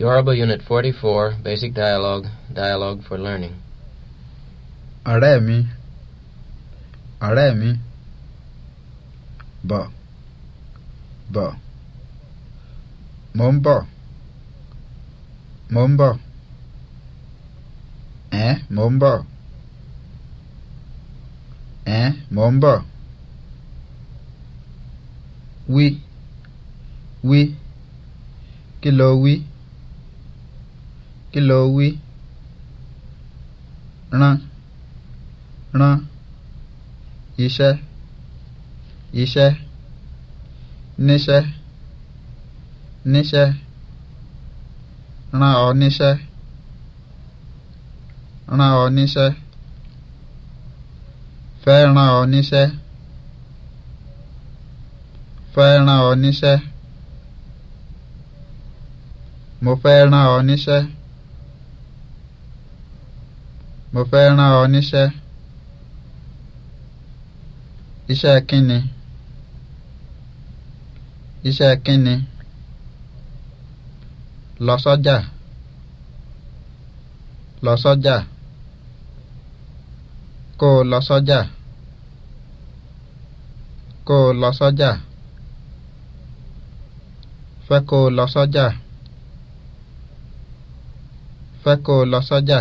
Yoruba Unit 44, Basic Dialogue, Dialogue for Learning. Aremi, Aremi, ọ̀rẹ́ mi, bọ̀, bọ̀, eh momba, eh momba, ń bọ̀, ẹ̀ mo कि लो भी ईश ईश निश निश अणा अनिश अणा अनिश फैणा अनिश फैणा अनिश मुफैणा अनिश mo fẹ́ rán ọ níṣẹ́ iṣẹ́ kínni iṣẹ́ kínni lọ sọ́jà lọ sọ́jà kó o lọ sọ́jà kó o lọ sọ́jà fẹ́ kó o lọ sọ́jà fẹ́ kó o lọ sọ́jà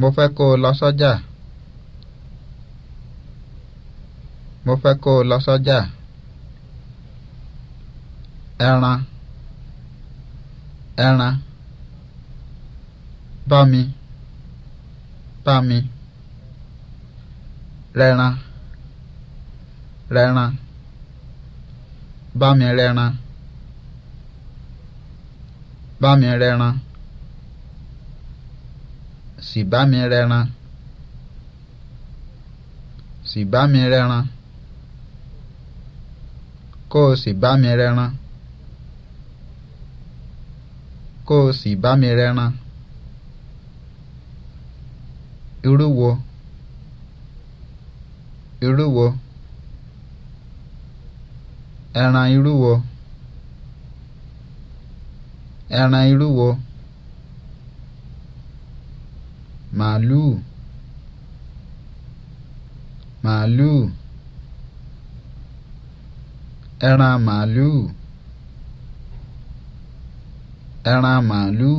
mo fẹ́ kó o lọ sọ́jà mo fẹ́ kó o lọ sọ́jà ẹran ẹran bá mi bá mi rẹran rẹran bá mi rẹran bá mi rẹran sì bá mi rẹran sì bá mi rẹran kó o sì bá mi rẹran kó o sì bá mi rẹran irú wo irú wo ẹran irú wo ẹran irú wo malu malu ẹran malu ẹran malu